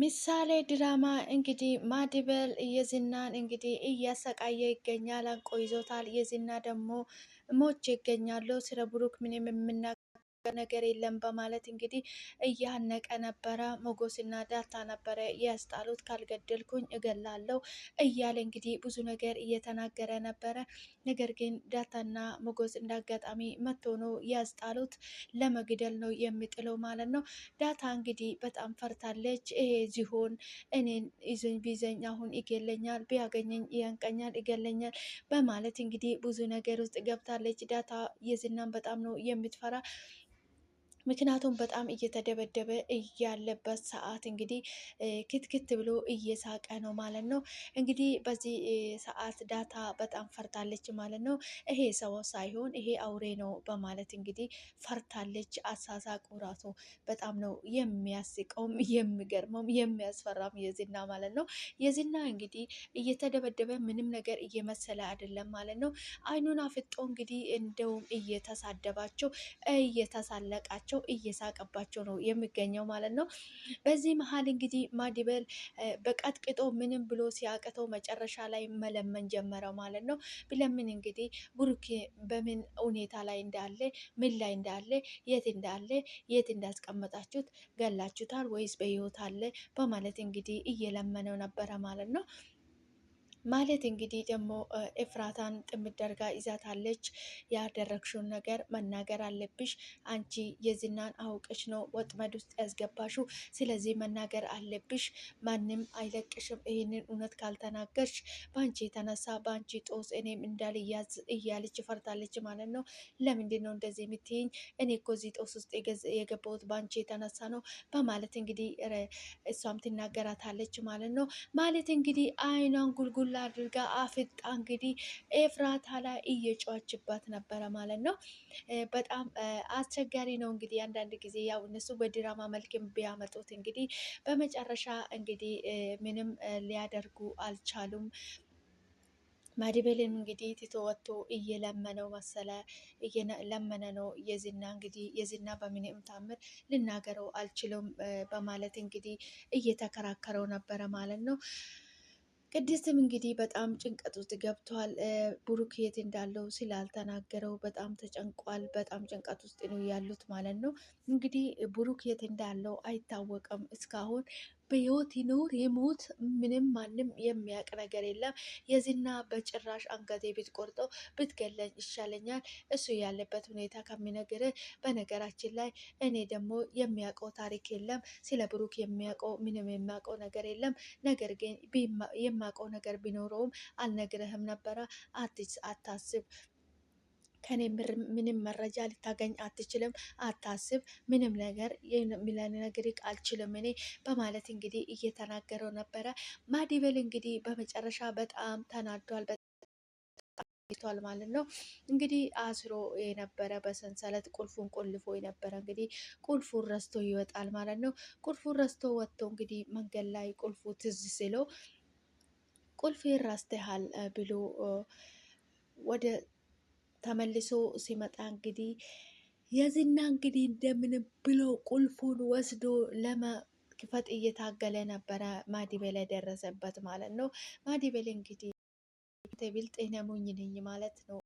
ምሳሌ ድራማ እንግዲህ ማድበል የዝናን እንግዲህ እያሰቃየ ይገኛል። አንቆ ይዞታል። የዝና ደግሞ ሞች ይገኛሉ። ስለ ብሩክ ምንም የምና ነገር የለም በማለት እንግዲህ እያነቀ ነበረ። ሞጎስና ዳታ ነበረ ያስጣሉት። ካልገደልኩኝ እገላለሁ እያለ እንግዲህ ብዙ ነገር እየተናገረ ነበረ። ነገር ግን ዳታና ሞጎስ እንዳጋጣሚ መቶ ነው ያስጣሉት። ለመግደል ነው የሚጥለው ማለት ነው። ዳታ እንግዲህ በጣም ፈርታለች። ይሄ ዚሆን እኔን ይዘኝ ቢዘኝ አሁን ይገለኛል፣ ቢያገኘኝ ያንቀኛል፣ ይገለኛል በማለት እንግዲህ ብዙ ነገር ውስጥ ገብታለች። ዳታ የዝናን በጣም ነው የምትፈራ ምክንያቱም በጣም እየተደበደበ እያለበት ሰዓት እንግዲህ ክትክት ብሎ እየሳቀ ነው ማለት ነው። እንግዲህ በዚህ ሰዓት ዳታ በጣም ፈርታለች ማለት ነው። ይሄ ሰው ሳይሆን ይሄ አውሬ ነው በማለት እንግዲህ ፈርታለች። አሳሳቁ ራሱ በጣም ነው የሚያስቀውም የሚገርመውም የሚያስፈራም የዝና ማለት ነው። የዝና እንግዲህ እየተደበደበ ምንም ነገር እየመሰለ አይደለም ማለት ነው። አይኑን አፍጦ እንግዲህ እንደውም እየተሳደባቸው እየተሳለቃቸው እየሳቀባቸው ነው የሚገኘው ማለት ነው። በዚህ መሀል እንግዲህ ማዲበል በቀጥቅጦ ምንም ብሎ ሲያቅተው መጨረሻ ላይ መለመን ጀመረው ማለት ነው። ብለምን እንግዲህ ብሩኬ በምን ሁኔታ ላይ እንዳለ ምን ላይ እንዳለ የት እንዳለ የት እንዳስቀመጣችሁት ገላችሁታል ወይስ በህይወት አለ በማለት እንግዲህ እየለመነው ነበረ ማለት ነው። ማለት እንግዲህ ደግሞ ኤፍራታን ጥምደርጋ ይዛታለች። ያደረግሽውን ነገር መናገር አለብሽ። አንቺ የዝናን አውቅሽ ነው ወጥመድ ውስጥ ያስገባሹ። ስለዚህ መናገር አለብሽ። ማንም አይለቅሽም። ይህንን እውነት ካልተናገርሽ በአንቺ የተነሳ በአንቺ ጦስ እኔም እንዳልያዝ እያለች ፈርታለች ማለት ነው። ለምንድን ነው እንደዚህ የምትይኝ? እኔ እኮ እዚህ ጦስ ውስጥ የገባሁት በአንቺ የተነሳ ነው በማለት እንግዲህ እሷም ትናገራታለች ማለት ነው። ማለት እንግዲህ አይኗን ጉልጉል አድርጋ አፍጣ እንግዲህ ኤፍራታ ላይ እየጫዋችባት ነበረ ማለት ነው። በጣም አስቸጋሪ ነው እንግዲህ አንዳንድ ጊዜ ያው እነሱ በድራማ መልክም ቢያመጡት እንግዲህ በመጨረሻ እንግዲህ ምንም ሊያደርጉ አልቻሉም። መድብልን እንግዲህ ትቶ ወጥቶ እየለመነው መሰለ እየለመነ ነው። የዝና እንግዲህ የዝና በምንም ታምር ልናገረው አልችልም በማለት እንግዲህ እየተከራከረው ነበረ ማለት ነው። ቅድስትም እንግዲህ በጣም ጭንቀት ውስጥ ገብቷል። ብሩክ የት እንዳለው ስላልተናገረው በጣም ተጨንቋል። በጣም ጭንቀት ውስጥ ነው ያሉት ማለት ነው። እንግዲህ ብሩክ የት እንዳለው አይታወቅም እስካሁን በህይወት ይኖር የሞት ምንም ማንም የሚያውቅ ነገር የለም። የዝና በጭራሽ አንገቴ ብትቆርጠው ብትገለኝ ይሻለኛል እሱ ያለበት ሁኔታ ከሚነግር። በነገራችን ላይ እኔ ደግሞ የሚያውቀው ታሪክ የለም ስለ ብሩክ የሚያውቀው ምንም የሚያውቀው ነገር የለም። ነገር ግን የማውቀው ነገር ቢኖረውም አልነግረህም ነበረ። አታስብ ከኔ ምንም መረጃ ልታገኝ አትችልም። አታስብ፣ ምንም ነገር ልነግርህ አልችልም እኔ በማለት እንግዲህ እየተናገረው ነበረ። ማዲበል እንግዲህ በመጨረሻ በጣም ተናዷል ቷል ማለት ነው እንግዲህ አስሮ የነበረ በሰንሰለት ቁልፉን ቆልፎ የነበረ እንግዲህ ቁልፉን ረስቶ ይወጣል ማለት ነው። ቁልፉን ረስቶ ወጥቶ እንግዲህ መንገድ ላይ ቁልፉ ትዝ ስለው ቁልፌን ረስተሃል ብሎ ወደ ተመልሶ ሲመጣ እንግዲህ የዝና እንግዲህ እንደምንም ብሎ ቁልፉን ወስዶ ለመክፈት እየታገለ ነበረ። ማዲበለ ደረሰበት ማለት ነው። ማዲበለ እንግዲህ ብልጥ ነኝ ማለት ነው።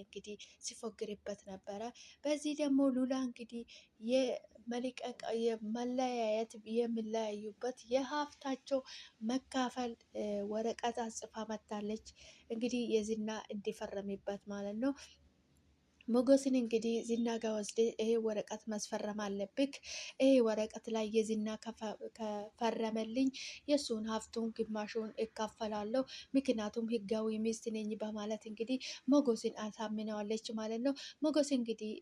እንግዲህ ሲፎግርበት ነበረ። በዚህ ደግሞ ሉላ እንግዲህ የመልቀቅ የመለያየት የሚለያዩበት የሀብታቸው መካፈል ወረቀት አጽፋ መታለች። እንግዲህ የዝና እንዲፈረሚበት ማለት ነው። ሞገስን እንግዲህ ዝና ጋር ወስደ ይሄ ወረቀት መስፈረም አለብክ፣ ይሄ ወረቀት ላይ የዝና ከፈረመልኝ የእሱን ሀብቱን ግማሹን እካፈላለሁ፣ ምክንያቱም ህጋዊ ሚስት ነኝ በማለት እንግዲህ ሞገስን አሳምነዋለች ማለት ነው። ሞገስ እንግዲህ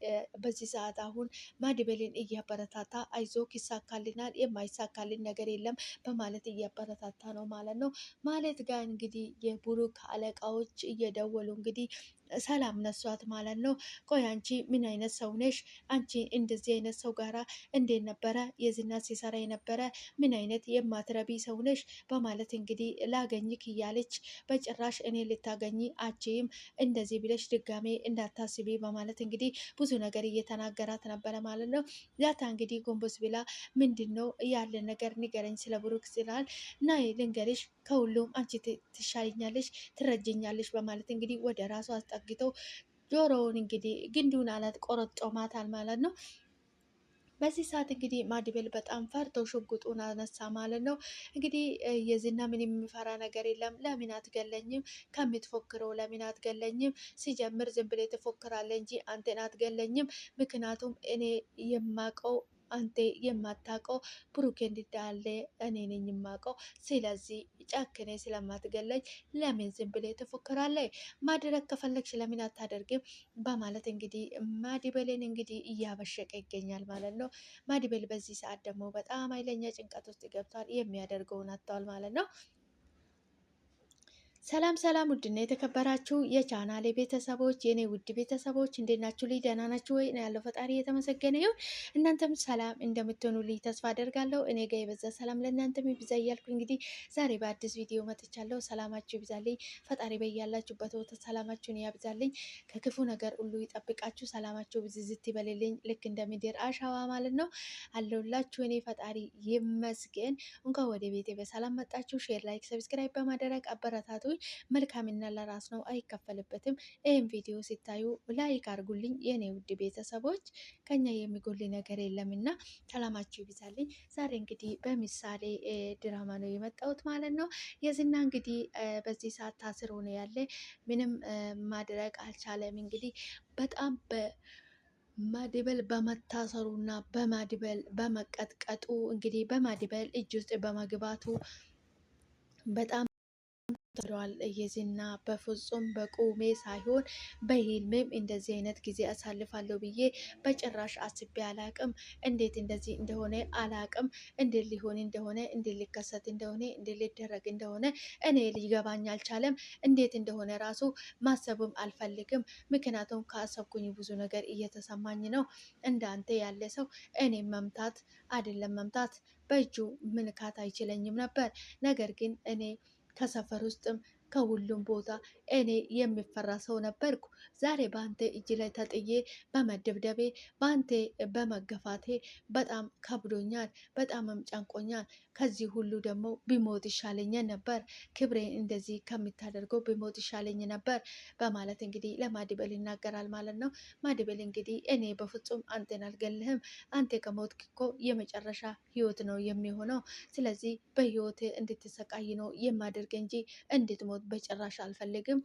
በዚህ ሰዓት አሁን ማድበልን እያበረታታ አይዞክ ይሳካልናል፣ የማይሳካልን ነገር የለም በማለት እያበረታታ ነው ማለት ነው። ማለት ጋር እንግዲህ የቡሩክ አለቃዎች እየደወሉ እንግዲህ ሰላም ነሷት ማለት ነው። ቆይ አንቺ ምን አይነት ሰው ነሽ? አንቺ እንደዚህ አይነት ሰው ጋራ እንዴት ነበረ የዝና ሲሰራ የነበረ? ምን አይነት የማትረቢ ሰው ነሽ? በማለት እንግዲህ ላገኝክ እያለች በጭራሽ እኔ ልታገኝ አችም እንደዚህ ብለሽ ድጋሜ እንዳታስቢ በማለት እንግዲህ ብዙ ነገር እየተናገራት ነበረ ማለት ነው። ያታ እንግዲህ ጎንበስ ብላ ምንድን ነው ያለ ነገር ንገረኝ ስለ ብሩክ ስላል ናይ ልንገርሽ፣ ከሁሉም አንቺ ትሻይኛለሽ፣ ትረጅኛለሽ በማለት እንግዲህ ወደ ራሱ አስጠጋ አግተው ጆሮውን እንግዲህ ግንዱን አላት ቆረጦ ማለት ነው። በዚህ ሰዓት እንግዲህ ማድቤል በጣም ፈርተው ሽጉጡን አነሳ ማለት ነው። እንግዲህ የዝና ምን የሚፈራ ነገር የለም። ለምን አትገለኝም? ከምትፎክረው ለምን አትገለኝም? ሲጀምር ዝም ብላ ትፎክራለች እንጂ አንተን አትገለኝም። ምክንያቱም እኔ የማቀው አንተ የማታውቀው ብሩኬ እንዳለ እኔ ነኝ የማውቀው። ስለዚህ ጨክኔ ስለማትገለኝ ለምን ዝም ብለህ ትፎክራለህ? ማድረግ ከፈለግሽ ለምን አታደርግም? በማለት እንግዲህ ማዲበልን እንግዲህ እያበሸቀ ይገኛል ማለት ነው። ማዲበል በዚህ ሰዓት ደግሞ በጣም ኃይለኛ ጭንቀት ውስጥ ገብቷል። የሚያደርገውን አጥተዋል ማለት ነው። ሰላም ሰላም፣ ውድና የተከበራችሁ የቻናሌ ቤተሰቦች የኔ ውድ ቤተሰቦች እንዴት ናችሁ? ልይ ደህና ናችሁ ወይ? ያለው ፈጣሪ የተመሰገነ ይሁን። እናንተም ሰላም እንደምትሆኑ ልይ ተስፋ አደርጋለሁ። እኔ ጋር የበዛ ሰላም ለእናንተም ይብዛ እያልኩ እንግዲህ ዛሬ በአዲስ ቪዲዮ መጥቻለሁ። ሰላማችሁ ይብዛልኝ። ፈጣሪ በያላችሁበት ቦታ ሰላማችሁን ያብዛልኝ፣ ከክፉ ነገር ሁሉ ይጠብቃችሁ። ሰላማችሁ ብዝዝት ይበልልኝ፣ ልክ እንደ ምድር አሸዋ ማለት ነው። አለሁላችሁ እኔ ፈጣሪ ይመስገን። እንኳን ወደ ቤቴ በሰላም መጣችሁ። ሼር፣ ላይክ፣ ሰብስክራይብ በማድረግ አበረታቱ ብትረዱኝ መልካምና ለራስ ነው፣ አይከፈልበትም። ይህም ቪዲዮ ሲታዩ ላይክ አርጉልኝ የኔ ውድ ቤተሰቦች፣ ከኛ የሚጎል ነገር የለምና ሰላማችሁ ይብዛልኝ። ዛሬ እንግዲህ በምሳሌ ድራማ ነው የመጣሁት ማለት ነው። የዝና እንግዲህ በዚህ ሰዓት ታስሮ ነው ያለ፣ ምንም ማድረግ አልቻለም። እንግዲህ በጣም ማድበል በመታሰሩና በማድበል በመቀጥቀጡ እንግዲህ በማድበል እጅ ውስጥ በመግባቱ በጣም ተብለዋል የዚና በፍጹም በቁሜ ሳይሆን በህልሜም እንደዚህ አይነት ጊዜ አሳልፋለሁ ብዬ በጭራሽ አስቤ አላቅም። እንዴት እንደዚህ እንደሆነ አላቅም። እንዴት ሊሆን እንደሆነ እንዴት ሊከሰት እንደሆነ እንዴት ሊደረግ እንደሆነ እኔ ሊገባኝ አልቻለም። እንዴት እንደሆነ ራሱ ማሰብም አልፈልግም። ምክንያቱም ካሰብኩኝ ብዙ ነገር እየተሰማኝ ነው። እንዳንተ ያለ ሰው እኔ መምታት አይደለም መምታት በእጁ ምንካት አይችለኝም ነበር። ነገር ግን እኔ ከሰፈር ውስጥም ከሁሉም ቦታ እኔ የሚፈራ ሰው ነበርኩ። ዛሬ በአንተ እጅ ላይ ተጥዬ በመደብደቤ በአንተ በመገፋቴ በጣም ከብዶኛል፣ በጣምም ጨንቆኛል። ከዚህ ሁሉ ደግሞ ቢሞት ይሻለኝ ነበር፣ ክብሬን እንደዚህ ከምታደርገው ቢሞት ይሻለኝ ነበር በማለት እንግዲህ ለማድበል ይናገራል ማለት ነው። ማድበል እንግዲህ እኔ በፍጹም አንተን አልገልህም፣ አንተ ከሞት እኮ የመጨረሻ ህይወት ነው የሚሆነው። ስለዚህ በህይወት እንድትሰቃይ ነው የማደርግ እንጂ እንድትሞት በጭራሽ አልፈልግም።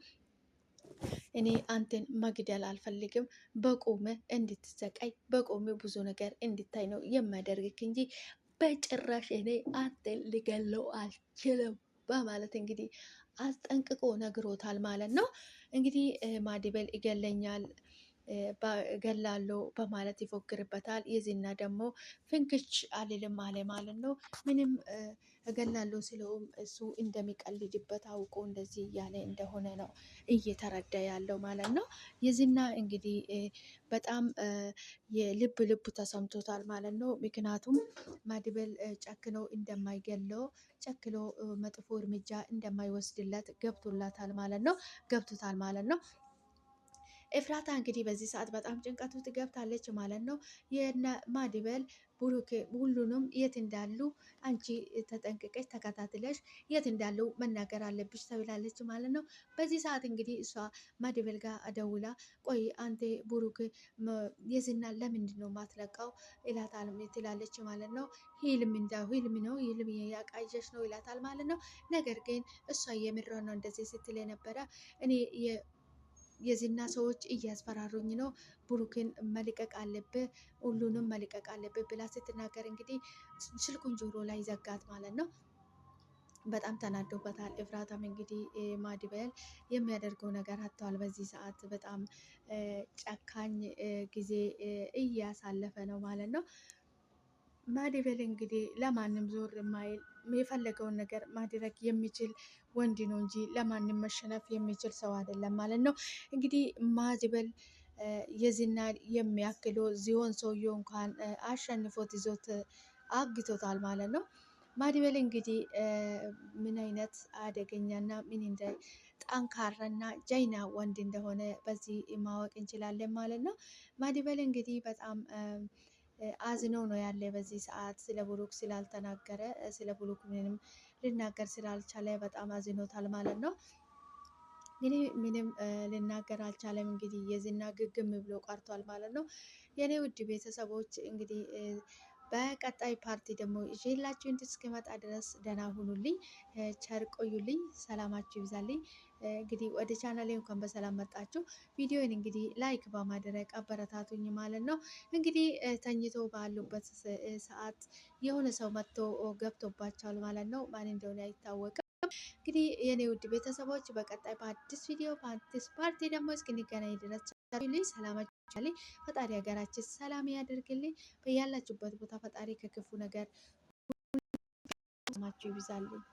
እኔ አንተን መግደል አልፈልግም። በቆመ እንድትሰቃይ በቆመ ብዙ ነገር እንድታይ ነው የማደርግክ እንጂ በጭራሽ እኔ አንተን ልገለው አልችልም በማለት እንግዲህ አስጠንቅቆ ነግሮታል ማለት ነው። እንግዲህ ማዲበል ይገለኛል ገላለው በማለት ይፎክርበታል። የዚህና ደግሞ ፍንክች አልልም አለ ማለት ነው። ምንም እገላለሁ ስለውም እሱ እንደሚቀልድበት አውቆ እንደዚህ እያለ እንደሆነ ነው እየተረዳ ያለው ማለት ነው። የዚና እንግዲህ በጣም የልብ ልብ ተሰምቶታል ማለት ነው። ምክንያቱም ማድበል ጨክኖ እንደማይገለው ጨክኖ መጥፎ እርምጃ እንደማይወስድለት ገብቶላታል ማለት ነው ገብቶታል ማለት ነው። ኤፍራታ እንግዲህ በዚህ ሰዓት በጣም ጭንቀት ውስጥ ገብታለች ማለት ነው። የነ ማድበል ቡሩክ ሁሉንም የት እንዳሉ አንቺ ተጠንቅቀች ተከታትለሽ የት እንዳሉ መናገር አለብሽ ተብላለች ማለት ነው። በዚህ ሰዓት እንግዲህ እሷ ማድበል ጋር ደውላ ቆይ አንቴ ቡሩክ የዝና ለምንድን ነው ማትለቃው ይላታል ትላለች ማለት ነው። ሂልም እንዳው ሂልም ነው ሂልም ያቃዠሽ ነው ይላታል ማለት ነው። ነገር ግን እሷ የምድረ ነው እንደዚህ ስትል የነበረ እኔ የዝና ሰዎች እያስፈራሩኝ ነው፣ ብሩክን መልቀቅ አለብህ፣ ሁሉንም መልቀቅ አለብህ ብላ ስትናገር እንግዲህ ስልኩን ጆሮ ላይ ዘጋት ማለት ነው። በጣም ተናዶበታል። ኤፍራታም እንግዲህ ማድበል የሚያደርገው ነገር አጥተዋል። በዚህ ሰዓት በጣም ጨካኝ ጊዜ እያሳለፈ ነው ማለት ነው። ማዲበል እንግዲህ ለማንም ዞር የማይል የፈለገውን ነገር ማድረግ የሚችል ወንድ ነው እንጂ ለማንም መሸነፍ የሚችል ሰው አይደለም ማለት ነው። እንግዲህ ማዲበል የዝናን የሚያክሉ ዚሆን ሰውየው እንኳን አሸንፎት ይዞት አግቶታል ማለት ነው። ማዲበል እንግዲህ ምን አይነት አደገኛና ምን እንደ ጠንካራና ጀይና ወንድ እንደሆነ በዚህ ማወቅ እንችላለን ማለት ነው። ማዲበል እንግዲህ በጣም አዝነው ነው ያለ በዚህ ሰዓት ስለ ብሩክ ስላልተናገረ ስለ ብሩክ ምንም ልናገር ስላልቻለ በጣም አዝኖታል ማለት ነው። እንግዲህ ምንም ልናገር አልቻለም። እንግዲህ የዝና ግግም ብሎ ቀርቷል ማለት ነው። የኔ ውድ ቤተሰቦች እንግዲህ በቀጣይ ፓርቲ ደግሞ ይዤላችሁ እስክመጣ ድረስ ደህና ሁኑልኝ፣ ቸር ቆዩልኝ፣ ሰላማችሁ ይብዛልኝ። እንግዲህ ወደ ቻናሌ እንኳን በሰላም መጣችሁ። ቪዲዮን እንግዲህ ላይክ በማድረግ አበረታቱኝ ማለት ነው። እንግዲህ ተኝቶ ባሉበት ሰዓት የሆነ ሰው መጥቶ ገብቶባቸዋል ማለት ነው። ማን እንደሆነ አይታወቅም። እንግዲህ የኔ ውድ ቤተሰቦች በቀጣይ በአዲስ ቪዲዮ በአዲስ ፓርቲ ደግሞ እስክንገናኝ ድረስ ሰላም ሰላማችሁ ፈጣሪ ሀገራችን ሰላም ያደርግልኝ። በያላችሁበት ቦታ ፈጣሪ ከክፉ ነገር ሁሉ ይብዛልኝ።